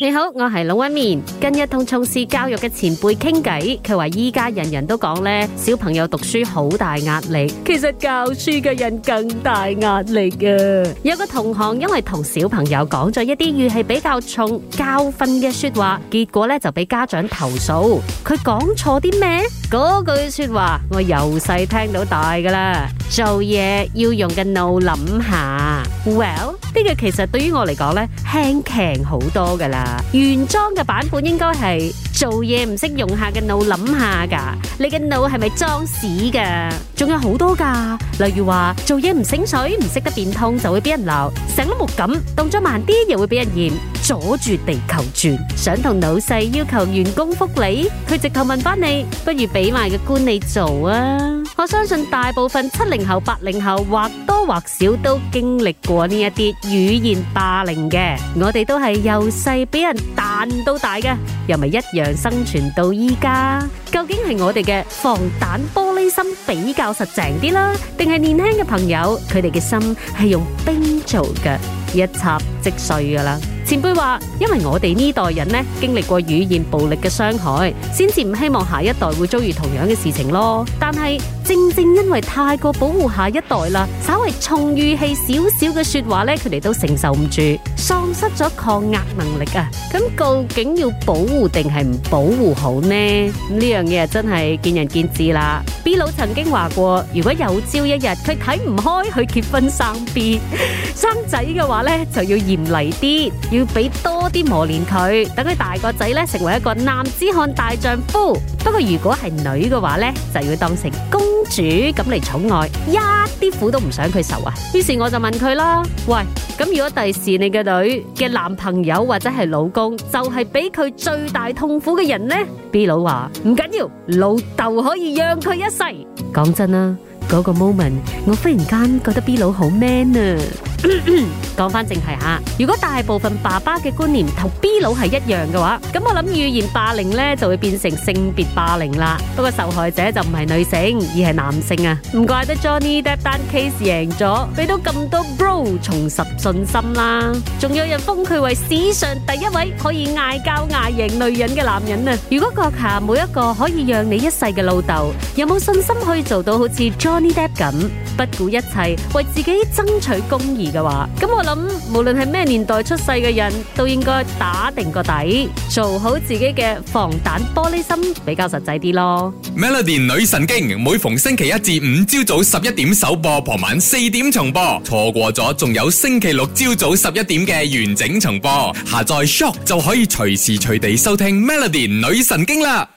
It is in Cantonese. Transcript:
你好，我係龍紋敏，近日同從事教育嘅前輩傾偈，佢話依家人人都講咧，小朋友讀書好大壓力，其實教書嘅人更大壓力啊！有個同行因為同小朋友講咗一啲語氣比較重，教訓嘅說話，結果咧就俾家長投訴，佢講錯啲咩？嗰句說話我由細聽到大噶啦，做嘢要用個腦諗下。Well。呢個其實對於我嚟講咧，輕輕好多噶啦，原裝嘅版本應該係做嘢唔識用下嘅腦諗下噶，你嘅腦係咪裝屎噶？仲有好多噶，例如話做嘢唔醒水，唔識得變通就會俾人鬧，成粒木咁，動作慢啲又會俾人嫌。阻住地球轉，想同老細要求員工福利，佢直頭問翻你，不如俾埋個官你做啊！我相信大部分七零後、八零後，或多或少都經歷過呢一啲語言霸凌嘅。我哋都係由細俾人彈到大嘅，又咪一樣生存到依家？究竟係我哋嘅防彈玻璃心比較實淨啲啦，定係年輕嘅朋友佢哋嘅心係用冰做嘅，一插即碎噶啦？前輩話，因為我哋呢代人呢，經歷過語言暴力嘅傷害，先至唔希望下一代會遭遇同樣嘅事情咯。但係，正正因為太過保護下一代啦，稍為重語氣少少嘅說話咧，佢哋都承受唔住，喪失咗抗壓能力啊！咁究竟要保護定係唔保護好呢？呢、嗯、樣嘢真係見仁見智啦。B 佬曾經話過，如果有朝一日佢睇唔開去結婚三邊 生 B 生仔嘅話咧，就要嚴厲啲，要俾多啲磨練佢，等佢大個仔咧成為一個男子漢大丈夫。不過如果係女嘅話咧，就要當成公公主咁嚟寵愛，一啲苦都唔想佢受啊！於是我就問佢啦，喂，咁如果第時你嘅女嘅男朋友或者係老公，就係俾佢最大痛苦嘅人呢？B 佬話，唔緊要，老豆可以讓佢一世。講真啦，嗰個 moment，我忽然間覺得 B 佬好 man 啊！咳咳講翻正題吓，如果大部分爸爸嘅觀念同 B 佬係一樣嘅話，咁我諗語言霸凌咧就會變成性別霸凌啦。不過受害者就唔係女性，而係男性啊！唔怪得 Johnny Depp 單 case 贏咗，俾到咁多 bro 重拾信心啦。仲有人封佢為史上第一位可以嗌交嗌贏女人嘅男人啊！如果閣下每一個可以讓你一世嘅老豆，有冇信心可以做到好似 Johnny Depp 咁，不顧一切為自己爭取公義嘅話，咁我。諗無論係咩年代出世嘅人都應該打定個底，做好自己嘅防彈玻璃心比較實際啲咯。Melody 女神經每逢星期一至五朝早十一點首播，傍晚四點重播，錯過咗仲有星期六朝早十一點嘅完整重播。下載 Shock 就可以隨時隨地收聽 Melody 女神經啦。